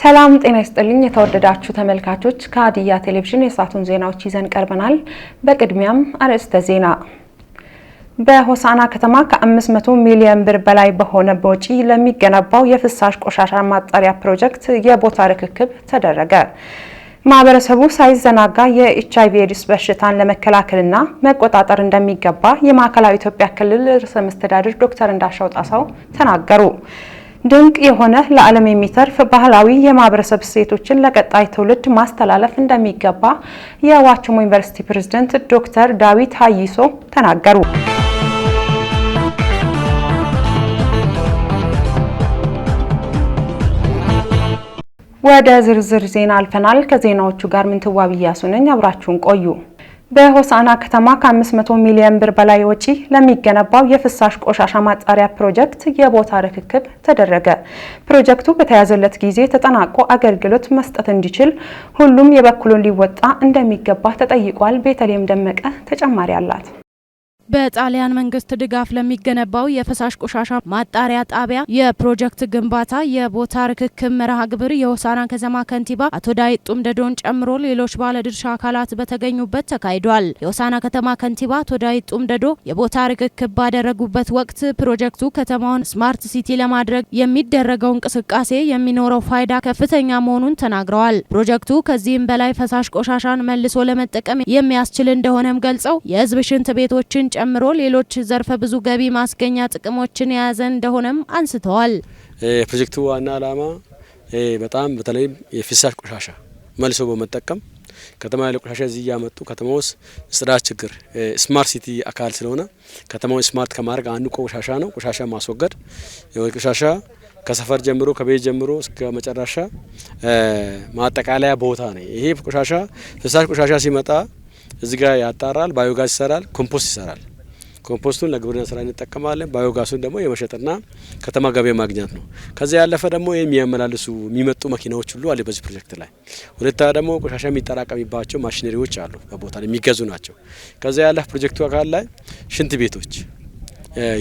ሰላም ጤና ይስጥልኝ። የተወደዳችሁ ተመልካቾች ከሀዲያ ቴሌቪዥን የሰዓቱን ዜናዎች ይዘን ቀርበናል። በቅድሚያም አርዕስተ ዜና። በሆሳና ከተማ ከ500 ሚሊዮን ብር በላይ በሆነ በወጪ ለሚገነባው የፍሳሽ ቆሻሻ ማጣሪያ ፕሮጀክት የቦታ ርክክብ ተደረገ። ማህበረሰቡ ሳይዘናጋ የኤችአይቪ ኤድስ በሽታን ለመከላከልና መቆጣጠር እንደሚገባ የማዕከላዊ ኢትዮጵያ ክልል ርዕሰ መስተዳድር ዶክተር እንዳሻው ጣሰው ተናገሩ። ድንቅ የሆነ ለዓለም የሚተርፍ ባህላዊ የማህበረሰብ እሴቶችን ለቀጣይ ትውልድ ማስተላለፍ እንደሚገባ የዋቸሞ ዩኒቨርሲቲ ፕሬዝዳንት ዶክተር ዳዊት ሀይሶ ተናገሩ። ወደ ዝርዝር ዜና አልፈናል። ከዜናዎቹ ጋር ምንትዋብ እያሱ ነኝ። አብራችሁን ቆዩ። በሆሳና ከተማ ከ500 ሚሊዮን ብር በላይ ወጪ ለሚገነባው የፍሳሽ ቆሻሻ ማጣሪያ ፕሮጀክት የቦታ ርክክብ ተደረገ። ፕሮጀክቱ በተያዘለት ጊዜ ተጠናቆ አገልግሎት መስጠት እንዲችል ሁሉም የበኩሉን ሊወጣ እንደሚገባ ተጠይቋል። ቤተልሔም ደመቀ ተጨማሪ አላት። በጣሊያን መንግስት ድጋፍ ለሚገነባው የፈሳሽ ቆሻሻ ማጣሪያ ጣቢያ የፕሮጀክት ግንባታ የቦታ ርክክብ መርሃ ግብር የሆሳና ከተማ ከንቲባ አቶ ዳዊት ጡምደዶን ጨምሮ ሌሎች ባለድርሻ አካላት በተገኙበት ተካሂዷል። የሆሳና ከተማ ከንቲባ አቶ ዳዊት ጡምደዶ የቦታ ርክክብ ባደረጉበት ወቅት ፕሮጀክቱ ከተማውን ስማርት ሲቲ ለማድረግ የሚደረገው እንቅስቃሴ የሚኖረው ፋይዳ ከፍተኛ መሆኑን ተናግረዋል። ፕሮጀክቱ ከዚህም በላይ ፈሳሽ ቆሻሻን መልሶ ለመጠቀም የሚያስችል እንደሆነም ገልጸው የህዝብ ሽንት ቤቶችን ጨምሮ ሌሎች ዘርፈ ብዙ ገቢ ማስገኛ ጥቅሞችን የያዘ እንደሆነም አንስተዋል። የፕሮጀክቱ ዋና ዓላማ በጣም በተለይም የፍሳሽ ቆሻሻ መልሶ በመጠቀም ከተማ ያለ ቆሻሻ እዚህ እያመጡ ከተማ ውስጥ ጽዳት ችግር ስማርት ሲቲ አካል ስለሆነ ከተማው ስማርት ከማድረግ አንዱ ቆሻሻ ነው። ቆሻሻ ማስወገድ ቆሻሻ ከሰፈር ጀምሮ ከቤት ጀምሮ እስከ መጨረሻ ማጠቃለያ ቦታ ነው። ይሄ ቆሻሻ ፍሳሽ ቆሻሻ ሲመጣ እዚህ ጋር ያጣራል፣ ባዮጋዝ ይሰራል፣ ኮምፖስት ይሰራል። ኮምፖስቱን ለግብርና ስራ እንጠቀማለን። ባዮጋሱን ደግሞ የመሸጥና ከተማ ገበያ ማግኘት ነው። ከዚ ያለፈ ደግሞ ይህ የሚያመላልሱ የሚመጡ መኪናዎች ሁሉ አለ በዚህ ፕሮጀክት ላይ። ሁለታ ደግሞ ቆሻሻ የሚጠራቀሚባቸው ማሽነሪዎች አሉ፣ በቦታ የሚገዙ ናቸው። ከዚ ያለፍ ፕሮጀክቱ አካል ላይ ሽንት ቤቶች፣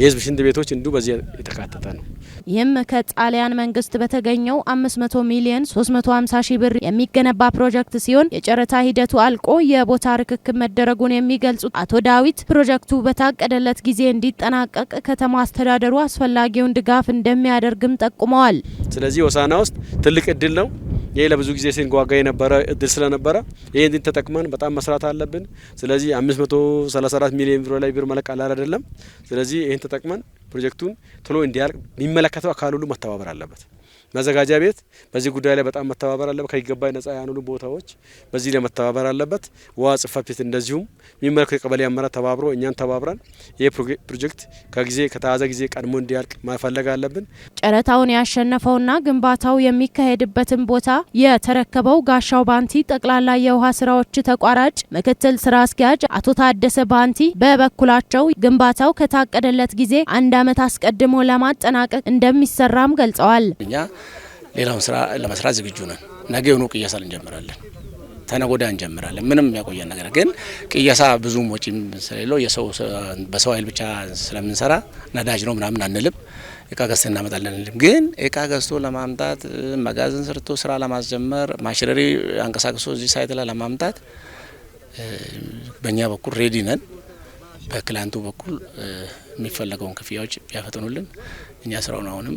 የህዝብ ሽንት ቤቶች እንዲሁ በዚህ የተካተተ ነው። ይህም ከጣሊያን መንግስት በተገኘው 500 ሚሊዮን 350 ሺህ ብር የሚገነባ ፕሮጀክት ሲሆን የጨረታ ሂደቱ አልቆ የቦታ ርክክብ መደረጉን የሚገልጹት አቶ ዳዊት ፕሮጀክቱ በታቀደለት ጊዜ እንዲጠናቀቅ ከተማ አስተዳደሩ አስፈላጊውን ድጋፍ እንደሚያደርግም ጠቁመዋል። ስለዚህ ወሳና ውስጥ ትልቅ እድል ነው። ይሄ ለብዙ ጊዜ ስንጓጋ የነበረ እድል ስለነበረ ይህን ተጠቅመን በጣም መስራት አለብን። ስለዚህ 534 ሚሊዮን ብር ላይ ብር መለቃላል አይደለም። ስለዚህ ይህን ተጠቅመን ፕሮጀክቱን ቶሎ እንዲያልቅ የሚመለከተው አካል ሁሉ መተባበር አለበት። መዘጋጃ ቤት በዚህ ጉዳይ ላይ በጣም መተባበር አለበት። ከይገባኝ ነጻ ያኑሉ ቦታዎች በዚህ ላይ መተባበር አለበት። ውሃ ጽፈት ቤት እንደዚሁም የሚመለከተው የቀበሌ አመራር ተባብሮ እኛን ተባብረን ይህ ፕሮጀክት ከጊዜ ከተያዘ ጊዜ ቀድሞ እንዲያልቅ ማፈለግ አለብን። ጨረታውን ያሸነፈውና ግንባታው የሚካሄድበትን ቦታ የተረከበው ጋሻው ባንቲ ጠቅላላ የውሃ ስራዎች ተቋራጭ ምክትል ስራ አስኪያጅ አቶ ታደሰ ባንቲ በበኩላቸው ግንባታው ከታቀደለት ጊዜ አንድ ዓመት አስቀድሞ ለማጠናቀቅ እንደሚሰራም ገልጸዋል። ሌላውን ስራ ለመስራት ዝግጁ ነን። ነገ የሆኑ ቅያሳ እንጀምራለን፣ ተነጎዳ እንጀምራለን። ምንም የሚያቆየን ነገር ግን ቅያሳ ብዙም ወጪም ስለሌለው የሰው በሰው ኃይል ብቻ ስለምንሰራ ነዳጅ ነው ምናምን አንልም። እቃ ገዝተ እናመጣለን ግን እቃ ገዝቶ ለማምጣት መጋዘን ሰርቶ ስራ ለማስጀመር ማሽነሪ አንቀሳቅሶ እዚህ ሳይት ላይ ለማምጣት በእኛ በኩል ሬዲ ነን። በክላንቱ በኩል የሚፈለገውን ክፍያዎች ቢያፈጥኑልን እኛ ስራውን አሁንም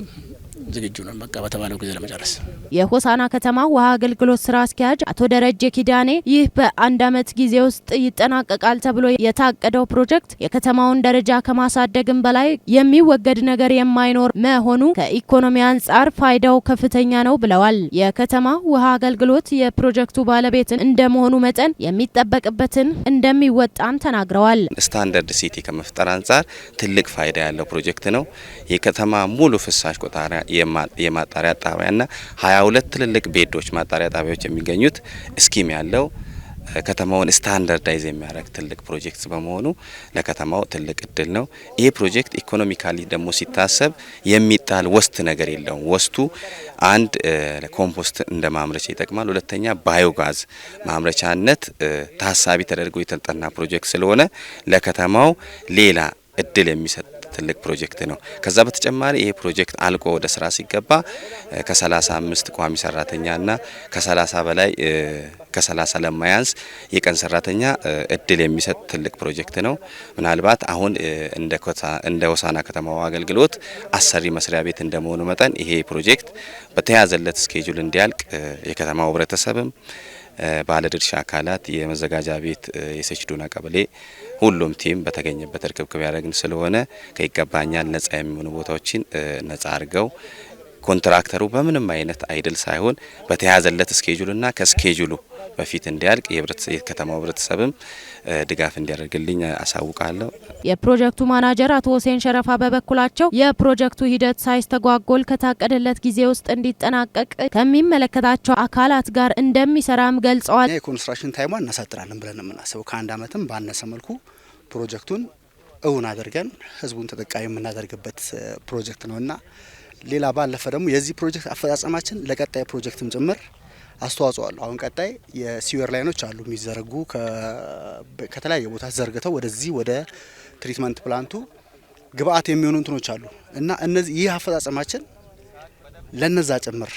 ዝግጁ ነን፣ በቃ በተባለው ጊዜ ለመጨረስ። የሆሳና ከተማ ውሃ አገልግሎት ስራ አስኪያጅ አቶ ደረጀ ኪዳኔ ይህ በአንድ አመት ጊዜ ውስጥ ይጠናቀቃል ተብሎ የታቀደው ፕሮጀክት የከተማውን ደረጃ ከማሳደግም በላይ የሚወገድ ነገር የማይኖር መሆኑ ከኢኮኖሚ አንጻር ፋይዳው ከፍተኛ ነው ብለዋል። የከተማ ውሃ አገልግሎት የፕሮጀክቱ ባለቤት እንደመሆኑ መጠን የሚጠበቅበትን እንደሚወጣም ተናግረዋል። ስታንዳርድ ሲቲ ከመፍጠር አንጻር ትልቅ ፋይዳ ያለው ፕሮጀክት ነው። የከተማ ከተማ ሙሉ ፍሳሽ ቆጣሪያ የማጣሪያ ጣቢያና 22 ትልልቅ ቤዶች ማጣሪያ ጣቢያዎች የሚገኙት እስኪም ያለው ከተማውን ስታንዳርዳይዝ የሚያደርግ ትልቅ ፕሮጀክት በመሆኑ ለከተማው ትልቅ እድል ነው። ይህ ፕሮጀክት ኢኮኖሚካሊ ደግሞ ሲታሰብ የሚጣል ወስት ነገር የለውም። ወስቱ አንድ ኮምፖስት እንደ ማምረቻ ይጠቅማል። ሁለተኛ ባዮጋዝ ማምረቻነት ታሳቢ ተደርጎ የተጠና ፕሮጀክት ስለሆነ ለከተማው ሌላ እድል የሚሰጥ ትልቅ ፕሮጀክት ነው። ከዛ በተጨማሪ ይሄ ፕሮጀክት አልቆ ወደ ስራ ሲገባ ከ35 ቋሚ ሰራተኛና ከ30 በላይ ከ30 ለማያንስ የቀን ሰራተኛ እድል የሚሰጥ ትልቅ ፕሮጀክት ነው። ምናልባት አሁን እንደ ሆሳና ከተማ አገልግሎት አሰሪ መስሪያ ቤት እንደመሆኑ መጠን ይሄ ፕሮጀክት በተያዘለት ስኬጁል እንዲያልቅ የከተማው ህብረተሰብም ባለድርሻ አካላት የመዘጋጃ ቤት የሴችዱና ቀበሌ ሁሉም ቲም በተገኘበት እርክብክብ ያደረግን ስለሆነ ከይገባኛል ነጻ የሚሆኑ ቦታዎችን ነጻ አድርገው ኮንትራክተሩ በምንም አይነት አይድል ሳይሆን በተያዘለት እስኬጁልና ከስኬጁሉ በፊት እንዲያልቅ የከተማው ህብረተሰብም ድጋፍ እንዲያደርግልኝ አሳውቃለሁ። የፕሮጀክቱ ማናጀር አቶ ሁሴን ሸረፋ በበኩላቸው የፕሮጀክቱ ሂደት ሳይስተጓጎል ከታቀደለት ጊዜ ውስጥ እንዲጠናቀቅ ከሚመለከታቸው አካላት ጋር እንደሚሰራም ገልጸዋል። የኮንስትራክሽን ታይሟ እናሳጥራለን ብለን የምናስበው ከአንድ አመትም ባነሰ መልኩ ፕሮጀክቱን እውን አድርገን ህዝቡን ተጠቃሚ የምናደርግበት ፕሮጀክት ነው እና ሌላ ባለፈ ደግሞ የዚህ ፕሮጀክት አፈጻጸማችን ለቀጣይ ፕሮጀክትም ጭምር አስተዋጽኦ አለው። አሁን ቀጣይ የሲዌር ላይኖች አሉ የሚዘረጉ ከተለያየ ቦታ ዘርግተው ወደዚህ ወደ ትሪትመንት ፕላንቱ ግብአት የሚሆኑ እንትኖች አሉ እና እነዚህ ይህ አፈጻጸማችን ለነዛ ጭምር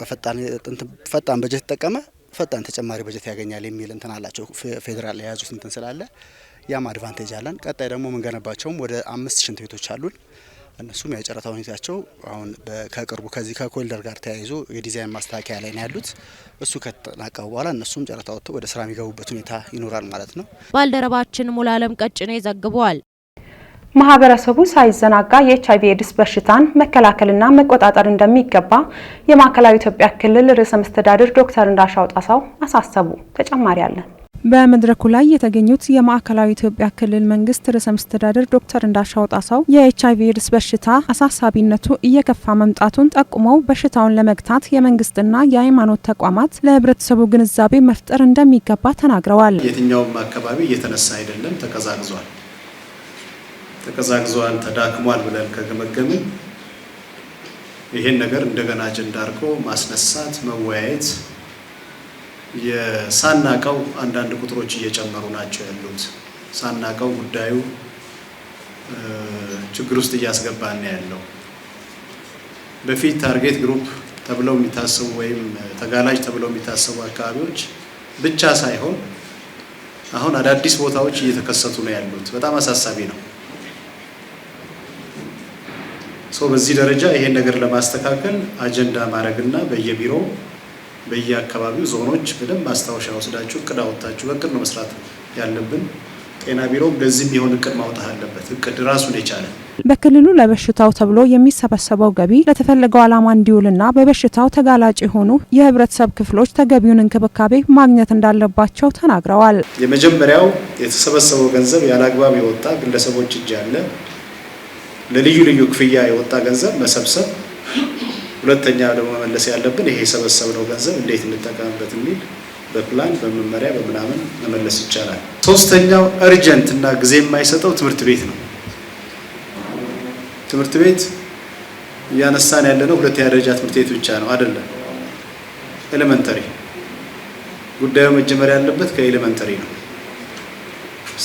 በፈጣን በጀት ተጠቀመ ፈጣን ተጨማሪ በጀት ያገኛል የሚል እንትን አላቸው ፌዴራል የያዙት እንትን ስላለ ያም አድቫንቴጅ አለን። ቀጣይ ደግሞ የምንገነባቸውም ወደ አምስት ሽንት ቤቶች አሉን። እነሱም የጨረታ ሁኔታቸው አሁን ከቅርቡ ከዚህ ከኮሊደር ጋር ተያይዞ የዲዛይን ማስተካከያ ላይ ነው ያሉት። እሱ ከተጠናቀቡ በኋላ እነሱም ጨረታ ወጥተው ወደ ስራ የሚገቡበት ሁኔታ ይኖራል ማለት ነው። ባልደረባችን ሙሉዓለም ቀጭኔ ዘግበዋል። ማህበረሰቡ ሳይዘናጋ የኤች አይቪ ኤድስ በሽታን መከላከልና መቆጣጠር እንደሚገባ የማዕከላዊ ኢትዮጵያ ክልል ርዕሰ መስተዳድር ዶክተር እንዳሻው ጣሳው አሳሰቡ። ተጨማሪ አለን። በመድረኩ ላይ የተገኙት የማዕከላዊ ኢትዮጵያ ክልል መንግስት ርዕሰ መስተዳድር ዶክተር እንዳሻው ጣሰው የኤች አይቪ ኤድስ በሽታ አሳሳቢነቱ እየከፋ መምጣቱን ጠቁመው በሽታውን ለመግታት የመንግስትና የሃይማኖት ተቋማት ለህብረተሰቡ ግንዛቤ መፍጠር እንደሚገባ ተናግረዋል። የትኛውም አካባቢ እየተነሳ አይደለም፣ ተቀዛቅዟል። ተቀዛቅዟል፣ ተዳክሟል ብለን ከገመገምን ይህን ነገር እንደገና አጀንዳ አድርጎ ማስነሳት መወያየት ሳናቀው አንዳንድ ቁጥሮች እየጨመሩ ናቸው ያሉት። ሳናቀው ጉዳዩ ችግር ውስጥ እያስገባን ያለው በፊት ታርጌት ግሩፕ ተብለው የሚታሰቡ ወይም ተጋላጅ ተብለው የሚታሰቡ አካባቢዎች ብቻ ሳይሆን አሁን አዳዲስ ቦታዎች እየተከሰቱ ነው ያሉት። በጣም አሳሳቢ ነው። ሰው በዚህ ደረጃ ይሄን ነገር ለማስተካከል አጀንዳ ማድረግና በየቢሮው በየአካባቢው ዞኖች በደንብ ማስታወሻ ወስዳችሁ እቅድ አወጣችሁ በእቅድ ነው መስራት ያለብን። ጤና ቢሮ በዚህ ቢሆን እቅድ ማውጣት አለበት። እቅድ ራሱን የቻለ በክልሉ ለበሽታው ተብሎ የሚሰበሰበው ገቢ ለተፈለገው ዓላማ እንዲውልና በበሽታው ተጋላጭ የሆኑ የህብረተሰብ ክፍሎች ተገቢውን እንክብካቤ ማግኘት እንዳለባቸው ተናግረዋል። የመጀመሪያው የተሰበሰበው ገንዘብ ያለ አግባብ የወጣ ግለሰቦች እጅ ያለ ለልዩ ልዩ ክፍያ የወጣ ገንዘብ መሰብሰብ ሁለተኛ ደግሞ መመለስ ያለብን ይሄ የሰበሰብነው ገንዘብ እንዴት እንጠቀምበት የሚል በፕላን በመመሪያ በምናምን መመለስ ይቻላል። ሶስተኛው እርጀንት እና ጊዜ የማይሰጠው ትምህርት ቤት ነው። ትምህርት ቤት እያነሳን ያለነው ሁለተኛ ደረጃ ትምህርት ቤት ብቻ ነው አይደለም። ኤሌመንተሪ ጉዳዩ መጀመር ያለበት ከኤሌመንተሪ ነው።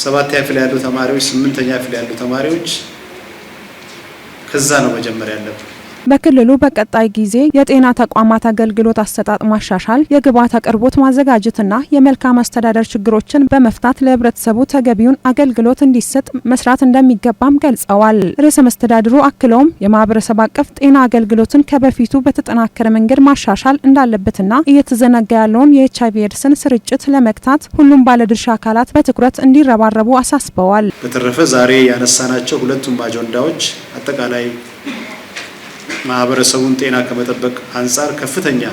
ሰባተኛ ክፍል ያሉ ተማሪዎች፣ ስምንተኛ ክፍል ያሉ ተማሪዎች ከዛ ነው መጀመር ያለብን። በክልሉ በቀጣይ ጊዜ የጤና ተቋማት አገልግሎት አሰጣጥ ማሻሻል፣ የግብዓት አቅርቦት ማዘጋጀትና የመልካም አስተዳደር ችግሮችን በመፍታት ለህብረተሰቡ ተገቢውን አገልግሎት እንዲሰጥ መስራት እንደሚገባም ገልጸዋል። ርዕሰ መስተዳድሩ አክለውም የማህበረሰብ አቀፍ ጤና አገልግሎትን ከበፊቱ በተጠናከረ መንገድ ማሻሻል እንዳለበትና እየተዘነጋ ያለውን የኤች አይቪ ኤድስን ስርጭት ለመግታት ሁሉም ባለድርሻ አካላት በትኩረት እንዲረባረቡ አሳስበዋል። በተረፈ ዛሬ ያነሳናቸው ሁለቱም አጀንዳዎች አጠቃላይ ማህበረሰቡን ጤና ከመጠበቅ አንጻር ከፍተኛ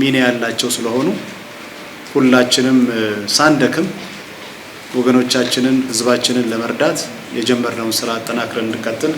ሚና ያላቸው ስለሆኑ ሁላችንም ሳንደክም ወገኖቻችንን፣ ህዝባችንን ለመርዳት የጀመርነውን ስራ አጠናክረን እንድንቀጥል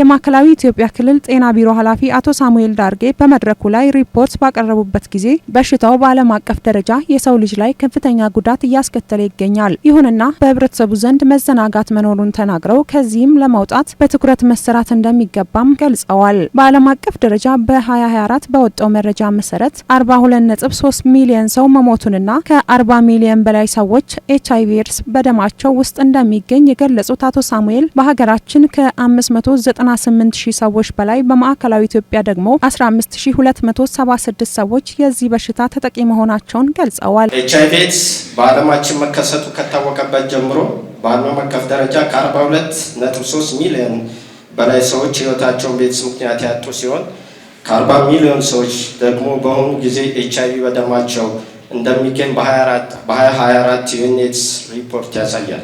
የማዕከላዊ ኢትዮጵያ ክልል ጤና ቢሮ ኃላፊ አቶ ሳሙኤል ዳርጌ በመድረኩ ላይ ሪፖርት ባቀረቡበት ጊዜ በሽታው በዓለም አቀፍ ደረጃ የሰው ልጅ ላይ ከፍተኛ ጉዳት እያስከተለ ይገኛል። ይሁንና በህብረተሰቡ ዘንድ መዘናጋት መኖሩን ተናግረው ከዚህም ለመውጣት በትኩረት መሰራት እንደሚገባም ገልጸዋል። በዓለም አቀፍ ደረጃ በ2024 በወጣው መረጃ መሰረት 42.3 ሚሊዮን ሰው መሞቱንና ከ40 ሚሊዮን በላይ ሰዎች ኤች አይቪ ኤድስ በደማቸው ውስጥ እንደሚገኝ የገለጹት አቶ ሳሙኤል በሀገራችን ከ598 ሺህ ሰዎች በላይ በማዕከላዊ ኢትዮጵያ ደግሞ 15276 ሰዎች የዚህ በሽታ ተጠቂ መሆናቸውን ገልጸዋል። ኤች አይቪ ኤድስ በዓለማችን መከሰቱ ከታወቀበት ጀምሮ በዓለም አቀፍ ደረጃ ከ42.3 ሚሊዮን በላይ ሰዎች ህይወታቸውን በኤድስ ምክንያት ያጡ ሲሆን ከ40 ሚሊዮን ሰዎች ደግሞ በአሁኑ ጊዜ ኤች አይቪ በደማቸው እንደሚገኝ በ2024 የዩኔትስ ሪፖርት ያሳያል።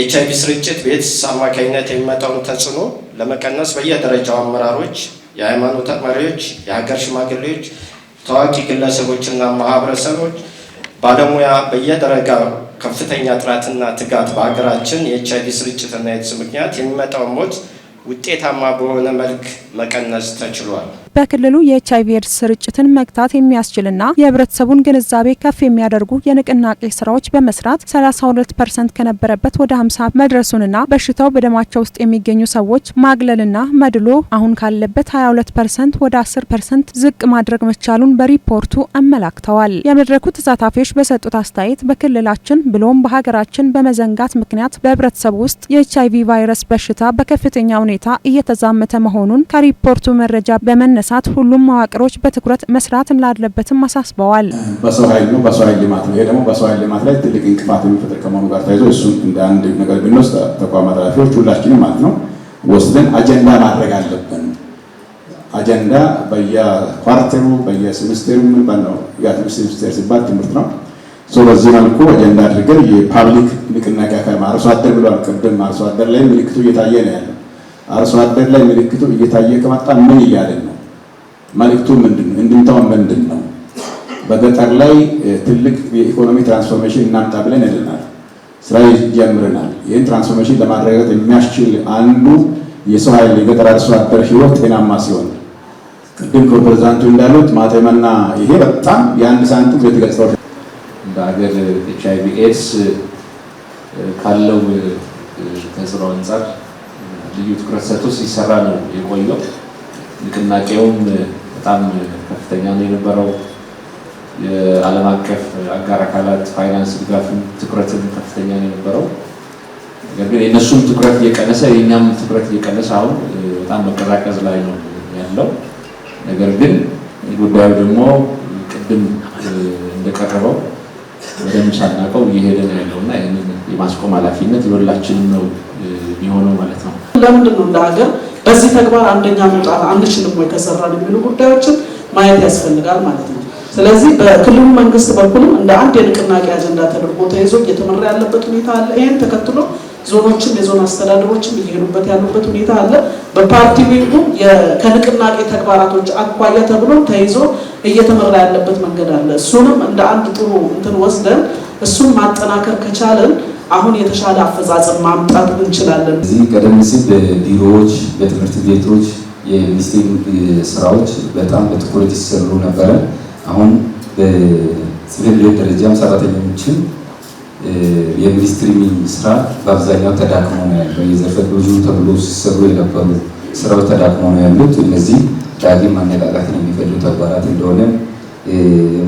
ኤች አይቪ ስርጭት በኤድስ አማካኝነት የሚመጣውን ተጽዕኖ ለመቀነስ በየደረጃው አመራሮች፣ የሃይማኖት መሪዎች፣ የሀገር ሽማግሌዎች፣ ታዋቂ ግለሰቦችና ማህበረሰቦች ባለሙያ በየደረጃው ከፍተኛ ጥራትና ትጋት በሀገራችን የኤች አይቪ ስርጭትና ኤድስ ምክንያት የሚመጣውን ሞት ውጤታማ በሆነ መልክ መቀነስ ተችሏል። በክልሉ የኤች አይቪ ኤድስ ስርጭትን መግታት የሚያስችልና የህብረተሰቡን ግንዛቤ ከፍ የሚያደርጉ የንቅናቄ ስራዎች በመስራት 32 ፐርሰንት ከነበረበት ወደ 50 መድረሱንና በሽታው በደማቸው ውስጥ የሚገኙ ሰዎች ማግለልና መድሎ አሁን ካለበት 22 ፐርሰንት ወደ 10 ፐርሰንት ዝቅ ማድረግ መቻሉን በሪፖርቱ አመላክተዋል። የመድረኩ ተሳታፊዎች በሰጡት አስተያየት በክልላችን ብሎም በሀገራችን በመዘንጋት ምክንያት በህብረተሰቡ ውስጥ የኤች አይቪ ቫይረስ በሽታ በከፍተኛ ሁኔታ እየተዛመተ መሆኑን ከሪፖርቱ መረጃ በመነሳ በመነሳት ሁሉም መዋቅሮች በትኩረት መስራት እንዳለበትም አሳስበዋል። በሰው ኃይል ነው፣ በሰው ኃይል ልማት ነው። ይሄ ደግሞ በሰው ኃይል ልማት ላይ ትልቅ እንቅፋት የሚፈጥር ከመሆኑ ጋር ተያይዞ እሱን እንደ አንድ ነገር ብንወስድ ተቋማት ኃላፊዎች ሁላችንም ማለት ነው ወስደን አጀንዳ ማድረግ አለብን። አጀንዳ በየኳርተሩ በየሴሚስቴሩ ምንባል ነው ሴሚስቴር ሲባል ትምህርት ነው። በዚህ መልኩ አጀንዳ አድርገን የፓብሊክ ንቅናቄ አካል አርሶ አደር ብለዋል። ቅድም አርሶ አደር ላይ ምልክቱ እየታየ ነው ያለው። አርሶ አደር ላይ ምልክቱ እየታየ ከመጣ ምን እያለን ነው? መልእክቱ ምንድን ነው? እንድምታው ምንድን ነው? በገጠር ላይ ትልቅ የኢኮኖሚ ትራንስፎርሜሽን እናምጣ ብለን ይልናል። ስራ ጀምረናል። ይህን ትራንስፎርሜሽን ለማረጋገጥ የሚያስችል አንዱ የሰው ኃይል የገጠር አርሶ አደር ህይወት ጤናማ ሲሆን ቅድም ከፕሬዚዳንቱ እንዳሉት ማተመና ይሄ በጣም የአንድ ሳንቲም ሁለት ገጽታዎች በሀገር ኤች አይ ቪ ኤድስ ካለው ተጽዕኖ አንጻር ልዩ ትኩረት ሰጥቶ ሲሰራ ነው የቆየው። ንቅናቄውም በጣም ከፍተኛ ነው የነበረው። የዓለም አቀፍ አጋር አካላት ፋይናንስ ድጋፍም ትኩረትም ከፍተኛ ነው የነበረው። ነገር ግን የእነሱም ትኩረት እየቀነሰ የእኛም ትኩረት እየቀነሰ አሁን በጣም መቀዛቀዝ ላይ ነው ያለው። ነገር ግን ጉዳዩ ደግሞ ቅድም እንደቀረበው በደንብ ሳናውቀው እየሄደ ነው ያለው እና ይህንን የማስቆም ኃላፊነት የሁላችንም ነው የሚሆነው ማለት ነው። ለምንድን ነው እንደ ሀገር በዚህ ተግባር አንደኛ መውጣት አንችልም ወይ ከሰራን የሚሉ ጉዳዮችን ማየት ያስፈልጋል ማለት ነው። ስለዚህ በክልሉ መንግስት በኩልም እንደ አንድ የንቅናቄ አጀንዳ ተደርጎ ተይዞ እየተመራ ያለበት ሁኔታ አለ። ይህን ተከትሎ ዞኖችም የዞን አስተዳደሮችም እየሄዱበት ያሉበት ሁኔታ አለ። በፓርቲ ዊንጉ ከንቅናቄ ተግባራቶች አኳያ ተብሎ ተይዞ እየተመራ ያለበት መንገድ አለ። እሱንም እንደ አንድ ጥሩ እንትን ወስደን እሱን ማጠናከር ከቻለን አሁን የተሻለ አፈጻጸም ማምጣት እንችላለን። እዚህ ቀደም ሲል በቢሮዎች በትምህርት ቤቶች የሚኒስቴር ስራዎች በጣም በትኩረት ይሰሩ ነበረ። አሁን በሲቪል ቤት ደረጃም ሰራተኞችን የሚኒስትሪ ስራ በአብዛኛው ተዳክሞ ነው ያለው። የዘርፈ ብዙ ተብሎ ሲሰሩ የነበሩ ስራዎች ተዳክሞ ነው ያሉት። እነዚህ ዳግም ማነቃቃት የሚፈልጉ ተግባራት እንደሆነ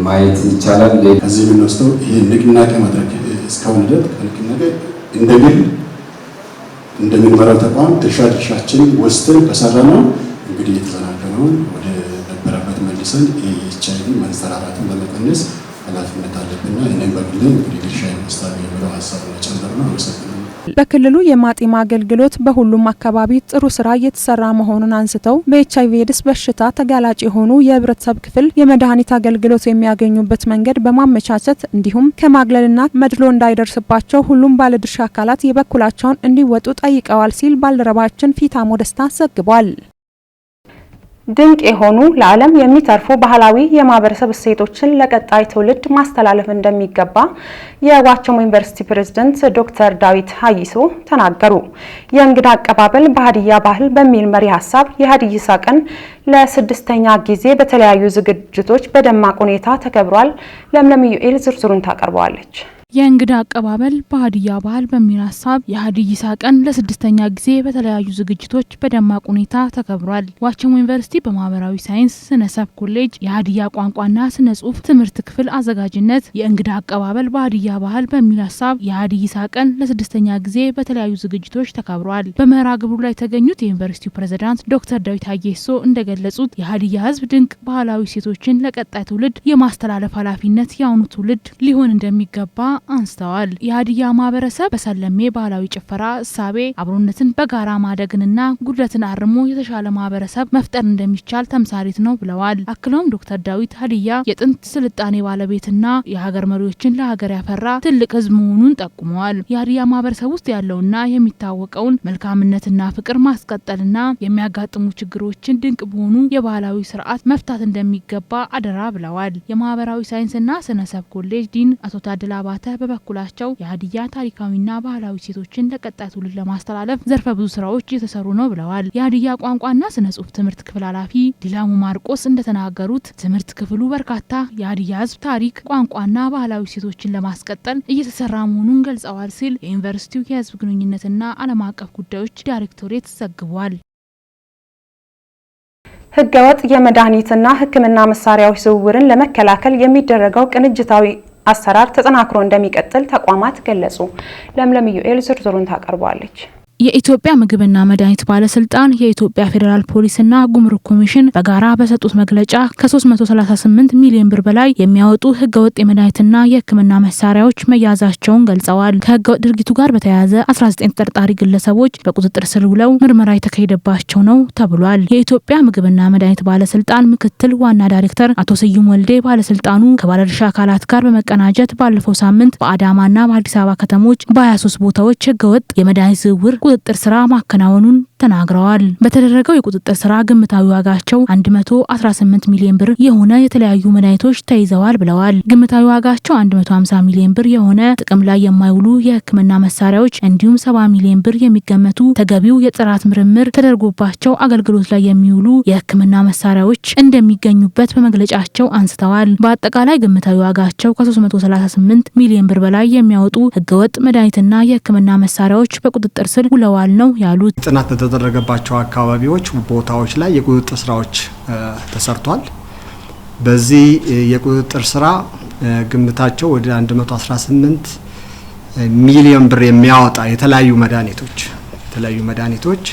ማየት ይቻላል። እዚህ የምንወስደው ይህ ንቅናቄ ማድረግ እስካሁን ሂደት ከልክ ነገ እንደ ግል እንደ ምርመራው ተቋም ድርሻ ድርሻችን ወስደን በሰራ ነው እንግዲህ የተጠናከረውን ወደ ነበረበት መልሰን ኤች መንሰራራትን በመቀነስ ኃላፊነት አለብና እኔም በግሌ እንግዲህ ድርሻ ይመስላል የሚለው ሀሳብ መጨመር ነው። አመሰግናለሁ። በክልሉ የማጤማ አገልግሎት በሁሉም አካባቢ ጥሩ ስራ እየተሰራ መሆኑን አንስተው በኤች አይቪ ኤድስ በሽታ ተጋላጭ የሆኑ የህብረተሰብ ክፍል የመድኃኒት አገልግሎት የሚያገኙበት መንገድ በማመቻቸት እንዲሁም ከማግለልና መድሎ እንዳይደርስባቸው ሁሉም ባለድርሻ አካላት የበኩላቸውን እንዲወጡ ጠይቀዋል ሲል ባልደረባችን ፊታሞ ደስታ ዘግቧል። ድንቅ የሆኑ ለዓለም የሚተርፉ ባህላዊ የማህበረሰብ እሴቶችን ለቀጣይ ትውልድ ማስተላለፍ እንደሚገባ የዋቸሞ ዩኒቨርሲቲ ፕሬዝደንት ዶክተር ዳዊት ሀይሶ ተናገሩ። የእንግዳ አቀባበል በሀዲያ ባህል በሚል መሪ ሀሳብ የሀዲይሳ ቀን ለስድስተኛ ጊዜ በተለያዩ ዝግጅቶች በደማቅ ሁኔታ ተከብሯል። ለምለም ዩኤል ዝርዝሩን ታቀርበዋለች። የእንግዳ አቀባበል በሀዲያ ባህል በሚል ሀሳብ የሀዲይሳ ቀን ለስድስተኛ ጊዜ በተለያዩ ዝግጅቶች በደማቅ ሁኔታ ተከብሯል። ዋቸሞ ዩኒቨርሲቲ በማህበራዊ ሳይንስ ስነሰብ ኮሌጅ የሀዲያ ቋንቋና ስነ ጽሁፍ ትምህርት ክፍል አዘጋጅነት የእንግዳ አቀባበል በሀዲያ ባህል በሚል ሀሳብ የሀዲይሳ ቀን ለስድስተኛ ጊዜ በተለያዩ ዝግጅቶች ተከብሯል። በመርሃ ግብሩ ላይ የተገኙት የዩኒቨርሲቲው ፕሬዝዳንት ዶክተር ዳዊት አጌሶ እንደገለጹት የሀዲያ ህዝብ ድንቅ ባህላዊ ሴቶችን ለቀጣይ ትውልድ የማስተላለፍ ኃላፊነት የአሁኑ ትውልድ ሊሆን እንደሚገባ አንስተዋል። የሀዲያ ማህበረሰብ በሰለሜ ባህላዊ ጭፈራ እሳቤ አብሮነትን በጋራ ማደግንና ጉድለትን አርሞ የተሻለ ማህበረሰብ መፍጠር እንደሚቻል ተምሳሌት ነው ብለዋል። አክለውም ዶክተር ዳዊት ሀዲያ የጥንት ስልጣኔ ባለቤትና የሀገር መሪዎችን ለሀገር ያፈራ ትልቅ ህዝብ መሆኑን ጠቁመዋል። የሀዲያ ማህበረሰብ ውስጥ ያለውና የሚታወቀውን መልካምነትና ፍቅር ማስቀጠልና የሚያጋጥሙ ችግሮችን ድንቅ በሆኑ የባህላዊ ስርዓት መፍታት እንደሚገባ አደራ ብለዋል። የማህበራዊ ሳይንስና ስነሰብ ኮሌጅ ዲን አቶ ታደላ አባተ በበኩላቸው የሀዲያ ታሪካዊና ባህላዊ ሴቶችን ለቀጣይ ትውልድ ለማስተላለፍ ዘርፈ ብዙ ስራዎች እየተሰሩ ነው ብለዋል። የሀዲያ ቋንቋና ስነ ጽሁፍ ትምህርት ክፍል ኃላፊ ዲላሙ ማርቆስ እንደተናገሩት ትምህርት ክፍሉ በርካታ የሀዲያ ህዝብ ታሪክ፣ ቋንቋና ባህላዊ ሴቶችን ለማስቀጠል እየተሰራ መሆኑን ገልጸዋል ሲል የዩኒቨርሲቲው የህዝብ ግንኙነትና ዓለም አቀፍ ጉዳዮች ዳይሬክቶሬት ዘግቧል። ህገወጥ የመድኃኒትና ሕክምና መሳሪያዎች ዝውውርን ለመከላከል የሚደረገው ቅንጅታዊ አሰራር ተጠናክሮ እንደሚቀጥል ተቋማት ገለጹ። ለምለም ዩኤል ዝርዝሩን ታቀርባለች። የኢትዮጵያ ምግብና መድኃኒት ባለስልጣን የኢትዮጵያ ፌዴራል ፖሊስና ጉምሩክ ኮሚሽን በጋራ በሰጡት መግለጫ ከ338 ሚሊዮን ብር በላይ የሚያወጡ ህገወጥ የመድኃኒትና የህክምና መሳሪያዎች መያዛቸውን ገልጸዋል። ከህገወጥ ድርጊቱ ጋር በተያያዘ 19 ተጠርጣሪ ግለሰቦች በቁጥጥር ስር ውለው ምርመራ የተካሄደባቸው ነው ተብሏል። የኢትዮጵያ ምግብና መድኃኒት ባለስልጣን ምክትል ዋና ዳይሬክተር አቶ ስዩም ወልዴ ባለስልጣኑ ከባለድርሻ አካላት ጋር በመቀናጀት ባለፈው ሳምንት በአዳማና በአዲስ አበባ ከተሞች በ23 ቦታዎች ህገወጥ የመድኃኒት ዝውውር ቁጥጥር ስራ ማከናወኑን ተናግረዋል። በተደረገው የቁጥጥር ስራ ግምታዊ ዋጋቸው 118 ሚሊዮን ብር የሆነ የተለያዩ መድኃኒቶች ተይዘዋል ብለዋል። ግምታዊ ዋጋቸው 150 ሚሊዮን ብር የሆነ ጥቅም ላይ የማይውሉ የሕክምና መሳሪያዎች እንዲሁም 70 ሚሊዮን ብር የሚገመቱ ተገቢው የጥራት ምርምር ተደርጎባቸው አገልግሎት ላይ የሚውሉ የሕክምና መሳሪያዎች እንደሚገኙበት በመግለጫቸው አንስተዋል። በአጠቃላይ ግምታዊ ዋጋቸው ከ338 ሚሊዮን ብር በላይ የሚያወጡ ህገወጥ መድኃኒትና የሕክምና መሳሪያዎች በቁጥጥር ስር ውለዋል ነው ያሉት። ጥናት በተደረገባቸው አካባቢዎች ቦታዎች ላይ የቁጥጥር ስራዎች ተሰርቷል። በዚህ የቁጥጥር ስራ ግምታቸው ወደ 118 ሚሊዮን ብር የሚያወጣ የተለያዩ መድኃኒቶች የተለያዩ መድኃኒቶች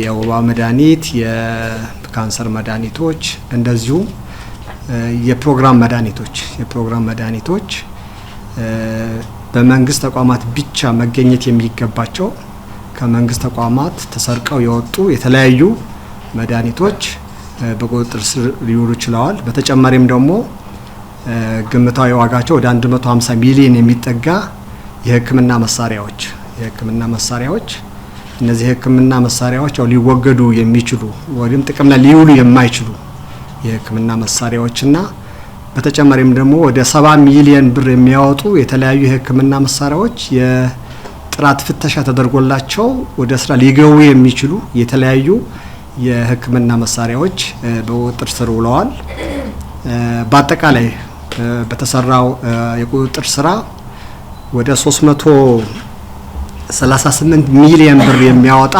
የወባ መድኃኒት፣ የካንሰር መድኃኒቶች እንደዚሁ የፕሮግራም መድኃኒቶች የፕሮግራም መድኃኒቶች በመንግስት ተቋማት ብቻ መገኘት የሚገባቸው ከመንግስት ተቋማት ተሰርቀው የወጡ የተለያዩ መድኃኒቶች በቁጥጥር ስር ሊውሉ ችለዋል። በተጨማሪም ደግሞ ግምታዊ ዋጋቸው ወደ 150 ሚሊዮን የሚጠጋ የህክምና መሳሪያዎች የህክምና መሳሪያዎች እነዚህ የህክምና መሳሪያዎች ያው ሊወገዱ የሚችሉ ወይም ጥቅም ላይ ሊውሉ የማይችሉ የህክምና መሳሪያዎችና በተጨማሪም ደግሞ ወደ 70 ሚሊዮን ብር የሚያወጡ የተለያዩ የህክምና መሳሪያዎች ጥራት ፍተሻ ተደርጎላቸው ወደ ስራ ሊገቡ የሚችሉ የተለያዩ የሕክምና መሳሪያዎች በቁጥጥር ስር ውለዋል። በአጠቃላይ በተሰራው የቁጥጥር ስራ ወደ 338 ሚሊዮን ብር የሚያወጣ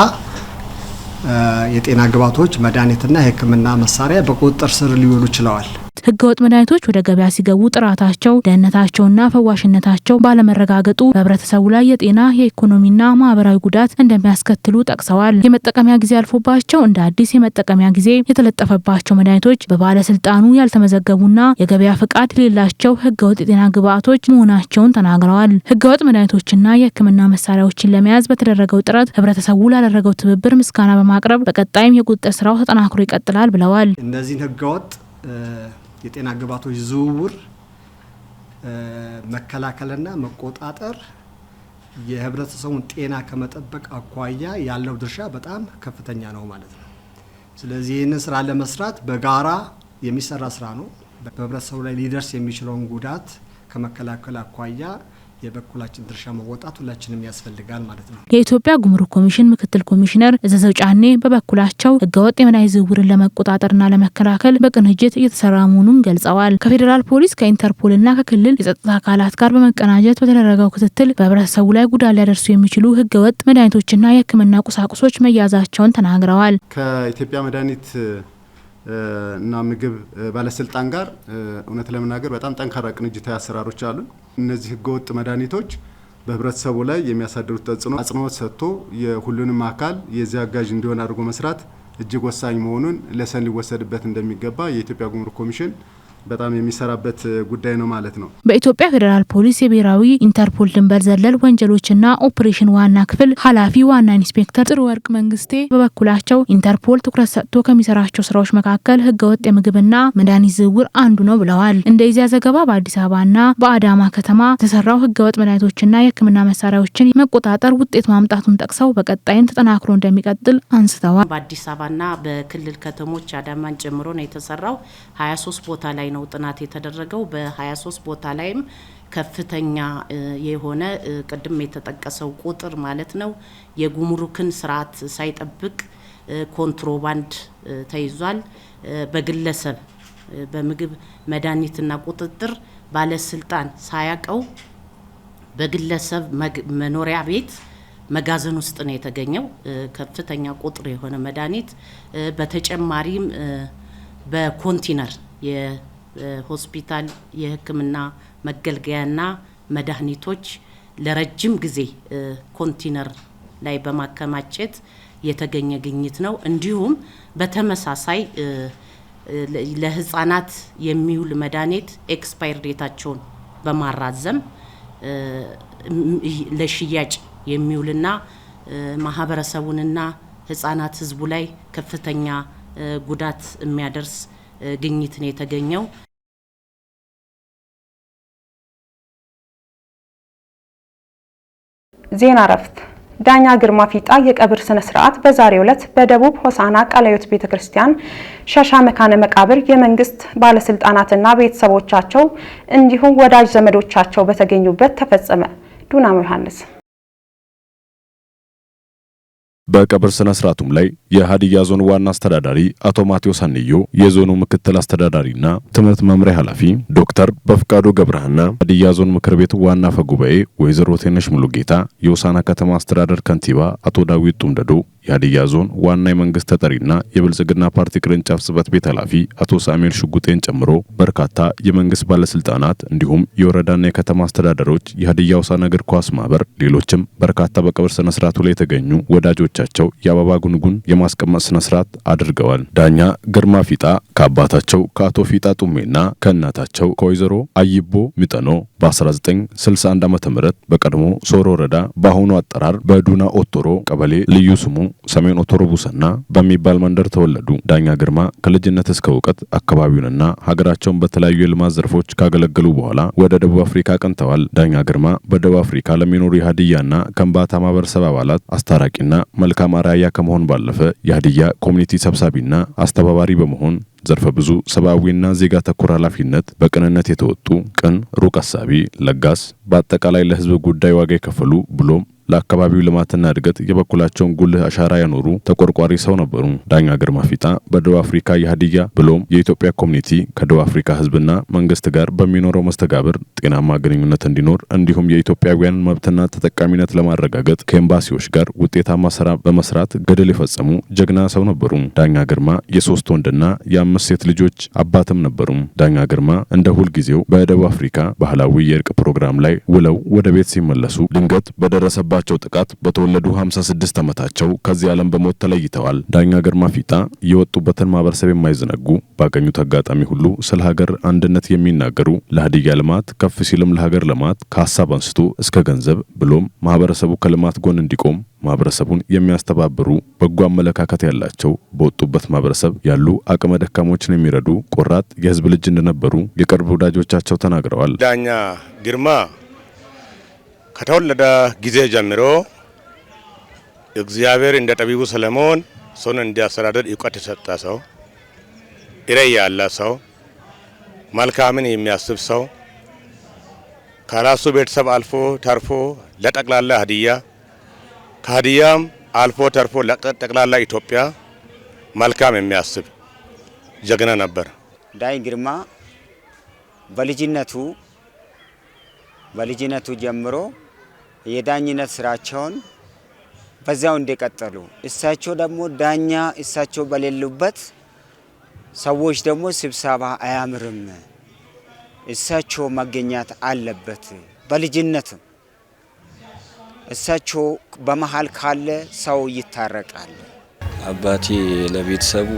የጤና ግብዓቶች መድኃኒትና የሕክምና መሳሪያ በቁጥጥር ስር ሊውሉ ችለዋል። ህገወጥ መድኃኒቶች ወደ ገበያ ሲገቡ ጥራታቸው፣ ደህንነታቸውና ፈዋሽነታቸው ባለመረጋገጡ በህብረተሰቡ ላይ የጤና የኢኮኖሚና ማህበራዊ ጉዳት እንደሚያስከትሉ ጠቅሰዋል። የመጠቀሚያ ጊዜ አልፎባቸው እንደ አዲስ የመጠቀሚያ ጊዜ የተለጠፈባቸው መድኃኒቶች በባለስልጣኑ ያልተመዘገቡና የገበያ ፈቃድ የሌላቸው ህገወጥ የጤና ግብአቶች መሆናቸውን ተናግረዋል። ህገወጥ መድኃኒቶችና የህክምና መሳሪያዎችን ለመያዝ በተደረገው ጥረት ህብረተሰቡ ላደረገው ትብብር ምስጋና በማቅረብ በቀጣይም የቁጥጥር ስራው ተጠናክሮ ይቀጥላል ብለዋል። እነዚህን ህገወጥ የጤና ግባቶች ዝውውር መከላከልና መቆጣጠር የህብረተሰቡን ጤና ከመጠበቅ አኳያ ያለው ድርሻ በጣም ከፍተኛ ነው ማለት ነው። ስለዚህ ይህንን ስራ ለመስራት በጋራ የሚሰራ ስራ ነው። በህብረተሰቡ ላይ ሊደርስ የሚችለውን ጉዳት ከመከላከል አኳያ የበኩላችን ድርሻ መወጣት ሁላችንም ያስፈልጋል ማለት ነው። የኢትዮጵያ ጉምሩክ ኮሚሽን ምክትል ኮሚሽነር እዘዘው ጫኔ በበኩላቸው ህገወጥ የምናይ ዝውውርን ለመቆጣጠርና ለመከላከል በቅንጅት እየተሰራ መሆኑን ገልጸዋል። ከፌዴራል ፖሊስ ከኢንተርፖልና ከክልል የጸጥታ አካላት ጋር በመቀናጀት በተደረገው ክትትል በህብረተሰቡ ላይ ጉዳት ሊያደርሱ የሚችሉ ህገወጥ መድኃኒቶችና የህክምና ቁሳቁሶች መያዛቸውን ተናግረዋል። ከኢትዮጵያ መድኃኒት እና ምግብ ባለስልጣን ጋር እውነት ለመናገር በጣም ጠንካራ ቅንጅታዊ አሰራሮች አሉ። እነዚህ ህገወጥ መድኃኒቶች በህብረተሰቡ ላይ የሚያሳድሩት ተጽዕኖ አጽንኦት ሰጥቶ የሁሉንም አካል የዚህ አጋዥ እንዲሆን አድርጎ መስራት እጅግ ወሳኝ መሆኑን ለሰን ሊወሰድበት እንደሚገባ የኢትዮጵያ ጉምሩክ ኮሚሽን በጣም የሚሰራበት ጉዳይ ነው ማለት ነው። በኢትዮጵያ ፌዴራል ፖሊስ የብሔራዊ ኢንተርፖል ድንበር ዘለል ወንጀሎችና ኦፕሬሽን ዋና ክፍል ኃላፊ ዋና ኢንስፔክተር ጥሩ ወርቅ መንግስቴ በበኩላቸው ኢንተርፖል ትኩረት ሰጥቶ ከሚሰራቸው ስራዎች መካከል ህገወጥ የምግብና መድኃኒት ዝውውር አንዱ ነው ብለዋል። እንደ ኢዜአ ዘገባ በአዲስ አበባና በአዳማ ከተማ የተሰራው ህገወጥ መድኃኒቶችና የህክምና መሳሪያዎችን መቆጣጠር ውጤት ማምጣቱን ጠቅሰው በቀጣይም ተጠናክሮ እንደሚቀጥል አንስተዋል። በአዲስ አበባና በክልል ከተሞች አዳማን ጨምሮ ነው የተሰራው 23 ቦታ ላይ ነው ጥናት የተደረገው። በ23 ቦታ ላይም ከፍተኛ የሆነ ቅድም የተጠቀሰው ቁጥር ማለት ነው የጉምሩክን ስርዓት ሳይጠብቅ ኮንትሮባንድ ተይዟል። በግለሰብ በምግብ መድኃኒትና ቁጥጥር ባለስልጣን ሳያቀው በግለሰብ መኖሪያ ቤት መጋዘን ውስጥ ነው የተገኘው ከፍተኛ ቁጥር የሆነ መድኃኒት። በተጨማሪም በኮንቲነር ሆስፒታል የህክምና መገልገያና መድኃኒቶች ለረጅም ጊዜ ኮንቲነር ላይ በማከማቸት የተገኘ ግኝት ነው። እንዲሁም በተመሳሳይ ለህፃናት የሚውል መድኃኒት ኤክስፓየር ዴታቸውን በማራዘም ለሽያጭ የሚውልና ማህበረሰቡንና ህጻናት ህዝቡ ላይ ከፍተኛ ጉዳት የሚያደርስ ግኝት ነው የተገኘው። ዜና እረፍት ዳኛ ግርማ ፊጣ የቀብር ስነ ስርዓት በዛሬው ዕለት በደቡብ ሆሳና ቀለዮት ቤተ ክርስቲያን ሸሻ መካነ መቃብር የመንግስት ባለስልጣናትና ቤተሰቦቻቸው እንዲሁም ወዳጅ ዘመዶቻቸው በተገኙበት ተፈጸመ። ዱናም ዮሐንስ በቀብር ስነ ስርዓቱም ላይ የሀዲያ ዞን ዋና አስተዳዳሪ አቶ ማቴዎስ አንዮ፣ የዞኑ ምክትል አስተዳዳሪና ትምህርት መምሪያ ኃላፊ ዶክተር በፍቃዱ ገብረሃና፣ ሀዲያ ዞን ምክር ቤት ዋና ፈጉባኤ ወይዘሮ ቴነሽ ሙሉጌታ፣ የውሳና ከተማ አስተዳደር ከንቲባ አቶ ዳዊት ጡምደዶ የሀዲያ ዞን ዋና የመንግስት ተጠሪና የብልጽግና ፓርቲ ቅርንጫፍ ጽህፈት ቤት ኃላፊ አቶ ሳሙኤል ሽጉጤን ጨምሮ በርካታ የመንግስት ባለስልጣናት እንዲሁም የወረዳና የከተማ አስተዳደሮች፣ የሀዲያ ሆሳዕና እግር ኳስ ማህበር፣ ሌሎችም በርካታ በቀብር ስነ ስርዓቱ ላይ የተገኙ ወዳጆቻቸው የአበባ ጉንጉን የማስቀመጥ ስነ ስርዓት አድርገዋል። ዳኛ ግርማ ፊጣ ከአባታቸው ከአቶ ፊጣ ጡሜና ከእናታቸው ከወይዘሮ አይቦ ሚጠኖ በ1961 ዓ ም በቀድሞ ሶሮ ወረዳ በአሁኑ አጠራር በዱና ኦቶሮ ቀበሌ ልዩ ስሙ ሰሜን አውቶቡስና በሚባል መንደር ተወለዱ። ዳኛ ግርማ ከልጅነት እስከ እውቀት አካባቢውንና ሀገራቸውን በተለያዩ የልማት ዘርፎች ካገለገሉ በኋላ ወደ ደቡብ አፍሪካ አቅንተዋል። ዳኛ ግርማ በደቡብ አፍሪካ ለሚኖሩ የሀዲያና ከንባታ ማህበረሰብ አባላት አስታራቂና መልካም አርአያ ከመሆን ባለፈ የሀዲያ ኮሚኒቲ ሰብሳቢና አስተባባሪ በመሆን ዘርፈ ብዙ ሰብአዊና ዜጋ ተኮር ኃላፊነት በቅንነት የተወጡ ቅን፣ ሩቅ አሳቢ፣ ለጋስ፣ በአጠቃላይ ለህዝብ ጉዳይ ዋጋ የከፈሉ ብሎም ለአካባቢው ልማትና እድገት የበኩላቸውን ጉልህ አሻራ ያኖሩ ተቆርቋሪ ሰው ነበሩ። ዳኛ ግርማ ፊጣ በደቡብ አፍሪካ የሀዲያ ብሎም የኢትዮጵያ ኮሚኒቲ ከደቡብ አፍሪካ ህዝብና መንግስት ጋር በሚኖረው መስተጋብር ጤናማ ግንኙነት እንዲኖር እንዲሁም የኢትዮጵያውያን መብትና ተጠቃሚነት ለማረጋገጥ ከኤምባሲዎች ጋር ውጤታማ ስራ በመስራት ገድል የፈጸሙ ጀግና ሰው ነበሩ። ዳኛ ግርማ የሶስት ወንድና የአምስት አምስት ሴት ልጆች አባትም ነበሩም። ዳኛ ግርማ እንደ ሁልጊዜው በደቡብ አፍሪካ ባህላዊ የእርቅ ፕሮግራም ላይ ውለው ወደ ቤት ሲመለሱ ድንገት በደረሰባቸው ጥቃት በተወለዱ 56 ዓመታቸው ከዚህ ዓለም በሞት ተለይተዋል። ዳኛ ግርማ ፊጣ የወጡበትን ማህበረሰብ የማይዘነጉ ባገኙት አጋጣሚ ሁሉ ስለ ሀገር አንድነት የሚናገሩ ለሀዲያ ልማት ከፍ ሲልም ለሀገር ልማት ከሀሳብ አንስቶ እስከ ገንዘብ ብሎም ማህበረሰቡ ከልማት ጎን እንዲቆም ማህበረሰቡን የሚያስተባብሩ በጎ አመለካከት ያላቸው በወጡበት ማህበረሰብ ያሉ አቅመ ደካሞችን የሚረዱ ቆራጥ የህዝብ ልጅ እንደነበሩ የቅርብ ወዳጆቻቸው ተናግረዋል። ዳኛ ግርማ ከተወለደ ጊዜ ጀምሮ እግዚአብሔር እንደ ጠቢቡ ሰለሞን ሰውን እንዲያስተዳደር እውቀት የሰጠ ሰው፣ ራዕይ ያለ ሰው፣ መልካምን የሚያስብ ሰው ከራሱ ቤተሰብ አልፎ ተርፎ ለጠቅላላ ሀዲያ ሀዲያም አልፎ ተርፎ ጠቅላላ ኢትዮጵያ መልካም የሚያስብ ጀግና ነበር። ዳኝ ግርማ በልጅነቱ በልጅነቱ ጀምሮ የዳኝነት ስራቸውን በዚያው እንደቀጠሉ እሳቸው ደግሞ ዳኛ እሳቸው በሌሉበት ሰዎች ደግሞ ስብሰባ አያምርም፣ እሳቸው መገኘት አለበት በልጅነትም እሳቸው በመሀል ካለ ሰው ይታረቃል። አባቴ ለቤተሰቡ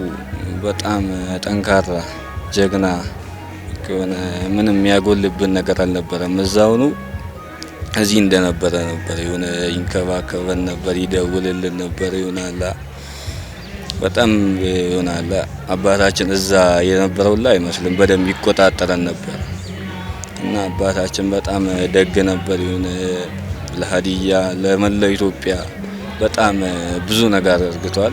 በጣም ጠንካራ ጀግና የሆነ ምንም የሚያጎልብን ነገር አልነበረም። እዛውኑ እዚህ እንደነበረ ነበር። የሆነ ይንከባከበን ነበር፣ ይደውልልን ነበር። ይሆናላ በጣም ይሆናላ አባታችን እዛ የነበረውላ አይመስልም። በደንብ ይቆጣጠረን ነበር እና አባታችን በጣም ደግ ነበር ይሆነ ለሀዲያ ለመላው ኢትዮጵያ በጣም ብዙ ነገር እርግቷል።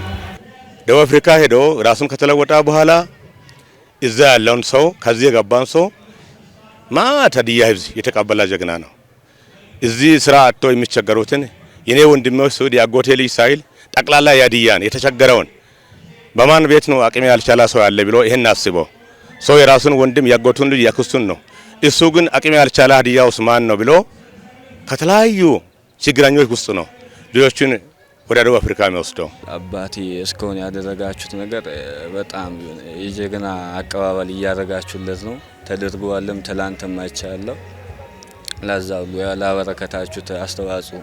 ደቡብ አፍሪካ ሄዶ ራሱን ከተለወጠ በኋላ እዛ ያለውን ሰው ከዚህ የገባን ሰው ማት ሀዲያ ህዝብ የተቀበለ ጀግና ነው። እዚህ ስራ አጥቶ የሚቸገሩትን የኔ ወንድሜ ስዑድ ያጎቴ ልጅ ሳይል ጠቅላላ የሀዲያን የተቸገረውን በማን ቤት ነው አቅሜ ያልቻላ ሰው ያለ ብሎ ይሄን አስበው ሰው የራሱን ወንድም ያጎቱን ልጅ ያክስቱን ነው። እሱ ግን አቅሜ ያልቻለ ሀዲያ ውስጥ ማን ነው ብሎ ከተለያዩ ችግረኞች ውስጥ ነው ልጆችን ወደ ደቡብ አፍሪካ የሚወስደው። አባቴ እስካሁን ያደረጋችሁት ነገር በጣም የጀግና አቀባበል እያደረጋችሁለት ነው። ተደርጓልም ትላንትም አይቻለሁ። ለዛ ሁሉ ላበረከታችሁት አስተዋጽኦ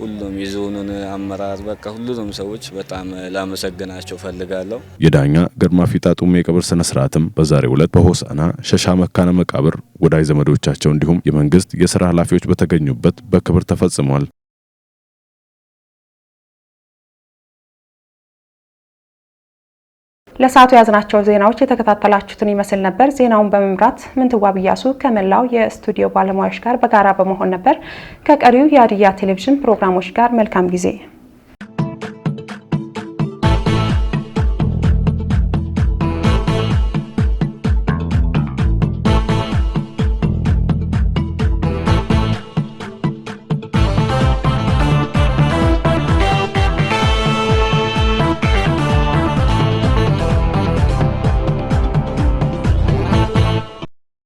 ሁሉም የዞኑን አመራር በቃ ሁሉንም ሰዎች በጣም ላመሰግናቸው ፈልጋለሁ። የዳኛ ግርማ ፊጣጡም የቀብር ስነ ስርዓትም በዛሬው ዕለት በሆሳና ሸሻ መካነ መቃብር ወዳጅ ዘመዶቻቸው እንዲሁም የመንግስት የስራ ኃላፊዎች በተገኙበት በክብር ተፈጽሟል። ለሰዓቱ የያዝናቸው ዜናዎች የተከታተላችሁትን ይመስል ነበር። ዜናውን በመምራት ምንትዋብ እያሱ ከመላው የስቱዲዮ ባለሙያዎች ጋር በጋራ በመሆን ነበር። ከቀሪው የሀዲያ ቴሌቪዥን ፕሮግራሞች ጋር መልካም ጊዜ